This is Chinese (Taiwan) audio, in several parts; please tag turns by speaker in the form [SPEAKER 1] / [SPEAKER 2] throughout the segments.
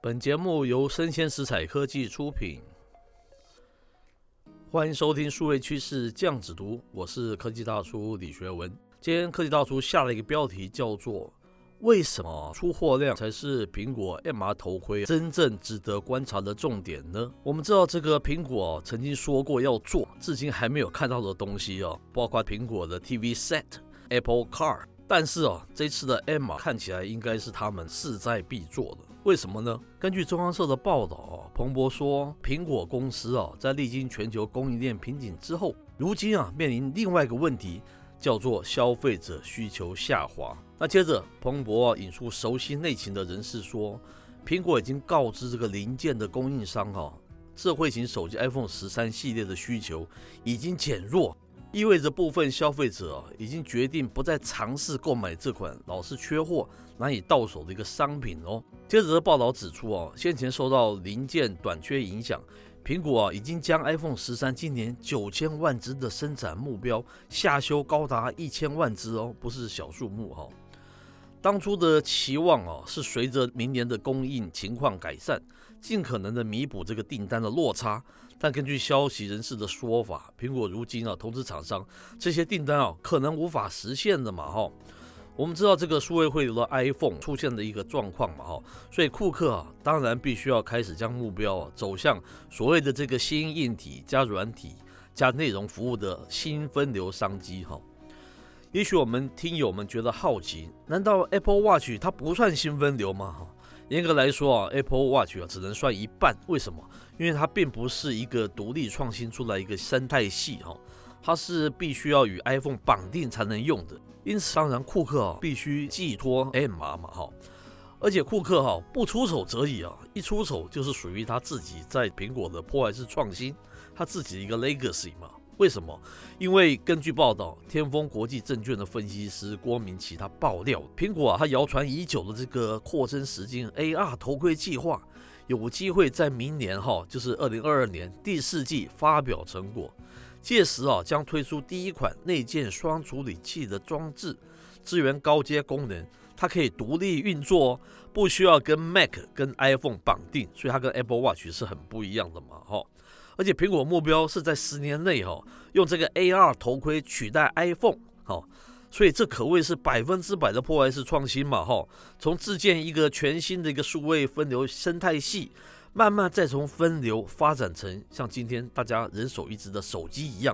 [SPEAKER 1] 本節目由聲鮮時采科技出品，歡迎收聽數位趨勢醬子讀，我是科技大叔李學文。今天科技大叔下了一個標題，叫做“為什麼出貨量才是蘋果 MR 頭盔真正值得觀察的重點呢？”我們知道，這個蘋果曾經說過要做，至今還沒有看到的東西哦，包括蘋果的 TV Set、Apple Car，但是哦，這次的 MR 看起來應該是他們勢在必做的。為什麼呢？根據中央社的報道啊，彭博說，蘋果公司啊，在歷經全球供應鏈瓶頸之後，如今啊面臨另外一個問題，叫做消費者需求下滑。那接着，彭博啊引述熟悉內情的人士說，蘋果已經告知這個零件的供應商哈，智慧型手機 iPhone 十三系列的需求已經減弱。意味着部分消費者、啊、已經決定不再嘗試購買這款老是缺貨、難以到手的一個商品哦。接着報道指出哦、啊，先前受到零件短缺影響，蘋果啊已經將 iPhone 13今年九千萬隻的生產目標下修高達一千萬隻哦，不是小數目哦。當初的期望啊，是隨着明年的供應情況改善，盡可能的彌補這個訂單的落差。但根據消息人士的說法，蘋果如今啊，通知廠商這些訂單啊，可能無法實現了嘛哈。我們知道這個數位匯流的 iPhone 出現的一個狀況嘛哈，所以庫克啊，當然必須要開始將目標啊，走向所謂的這個新硬體加軟體加內容服務的新分流商機哈。也許我們聽友們覺得好奇，難道 Apple Watch 它不算新分流嗎？哈，嚴格來說啊，Apple Watch 啊只能算一半。為什麼？因為它並不是一個獨立創新出來一個生態系，哈，它是必須要與 iPhone 綁定才能用的。因此，當然庫克啊必須寄托 MR 嘛，哈。而且庫克哈不出手則已啊，一出手就是屬於他自己在蘋果的破壞式創新，他自己的一個 legacy 嘛。為什麼？因為根據報道天風國際證券的分析師郭明錤他爆料，蘋果啊，它謠傳已久的這個擴增實境 AR 頭盔計劃，有機會在明年哈，就是二零二二年第四季發表成果，屆時啊，將推出第一款內建雙處理器的裝置，支援高階功能，它可以獨立運作，哦，不需要跟 Mac 跟 iPhone 綁定，所以它跟 Apple Watch 是很不一樣的嘛，哈、哦。而且蘋果目標是在十年內哈用這個 AR 頭盔取代 iPhone，好，所以這可謂是百分之百的破壞式創新嘛哈，從自建一個全新的一個數位分流生態系，慢慢再從分流發展成像今天大家人手一支的手機一樣，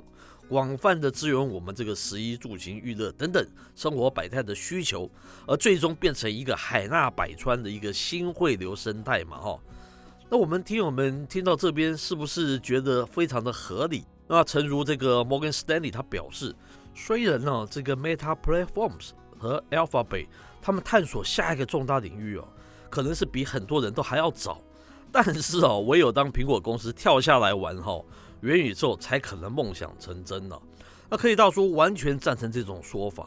[SPEAKER 1] 廣泛的支援我們這個十一住行娛樂等等生活百態的需求，而最終變成一個海納百川的一個新匯流生態嘛哈。那我們聽友們聽到這邊，是不是覺得非常的合理？那誠如這個 Morgan Stanley 他表示，雖然呢、哦，這個 Meta Platforms 和 Alphabet 他們探索下一個重大領域哦，可能是比很多人都還要早，但是哦，唯有當蘋果公司跳下來玩後元宇宙，才可能夢想成真呢。那可以到出完全贊成這種說法。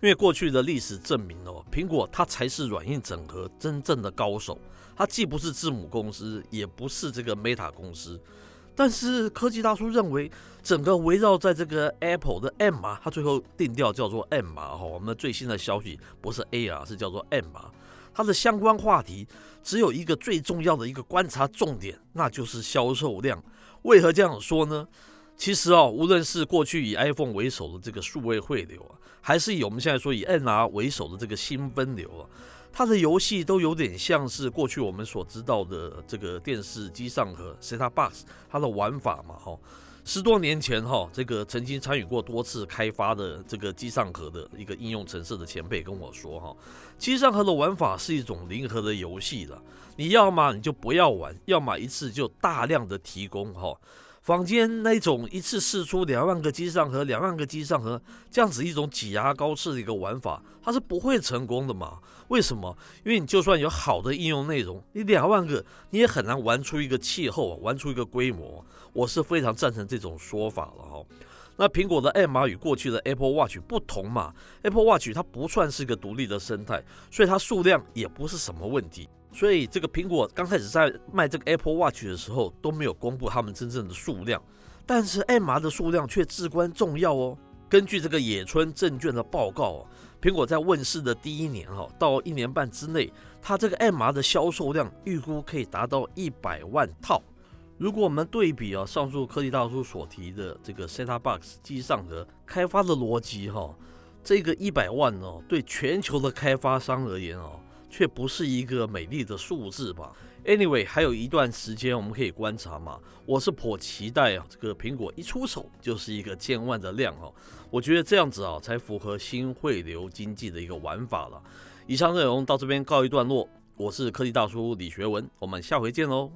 [SPEAKER 1] 因為過去的歷史證明哦，蘋果它才是軟硬整合真正的高手，它既不是字母公司，也不是這個 Meta 公司。但是科技大叔認為，整個圍繞在這個 Apple 的 MR，它最後定調叫做 MR，哈，我們最新的消息不是 AR，是叫做 MR。它的相關話題只有一個最重要的一個觀察重點，那就是銷售量。為何這樣說呢？其實哦，無論是過去以 iPhone 為首的這個數位匯流啊，還是以我們現在說以 MR 為首的這個新分流啊，它的遊戲都有點像是過去我們所知道的這個電視機上盒、Set-top box 它的玩法嘛，哈、哦。十多年前哈、哦，這個曾經參與過多次開發的這個機上盒的一個應用程式的前輩跟我說哈、哦，機上盒的玩法是一種零和的遊戲的，你要麼你就不要玩，要麼一次就大量的提供哈。哦坊間那種一次試出兩萬個機上盒、兩萬個機上盒這樣子一種擠牙膏式的一個玩法，它是不會成功的嘛？為什麼？因為你就算有好的應用內容，你兩萬個你也很難玩出一個氣候啊，玩出一個規模啊。我是非常贊成這種說法了哦。那蘋果的 MR 與過去的 Apple Watch 不同嘛？Apple Watch 它不算是一個獨立的生態，所以它數量也不是什麼問題。所以這個蘋果剛開始在賣這個 Apple Watch 的時候，都沒有公布他們真正的數量，但是 MR 的數量卻至關重要哦。根據這個野村證券的報告，蘋果在問世的第一年哈，到一年半之內，它這個 MR 的銷售量預估可以達到一百萬套。如果我們對比啊，上述科技大叔所提的這個 Set Top Box 機上的開發的邏輯哈，這個一百萬哦，對全球的開發商而言哦。卻不是一個美麗的數字吧？Anyway，還有一段時間我們可以觀察嘛。我是頗期待啊，這個蘋果一出手就是一個千萬的量哦。我覺得這樣子啊、哦，才符合新匯流經濟的一個玩法了。以上內容到這邊告一段落。我是科技大叔李學文，我們下回見嘍。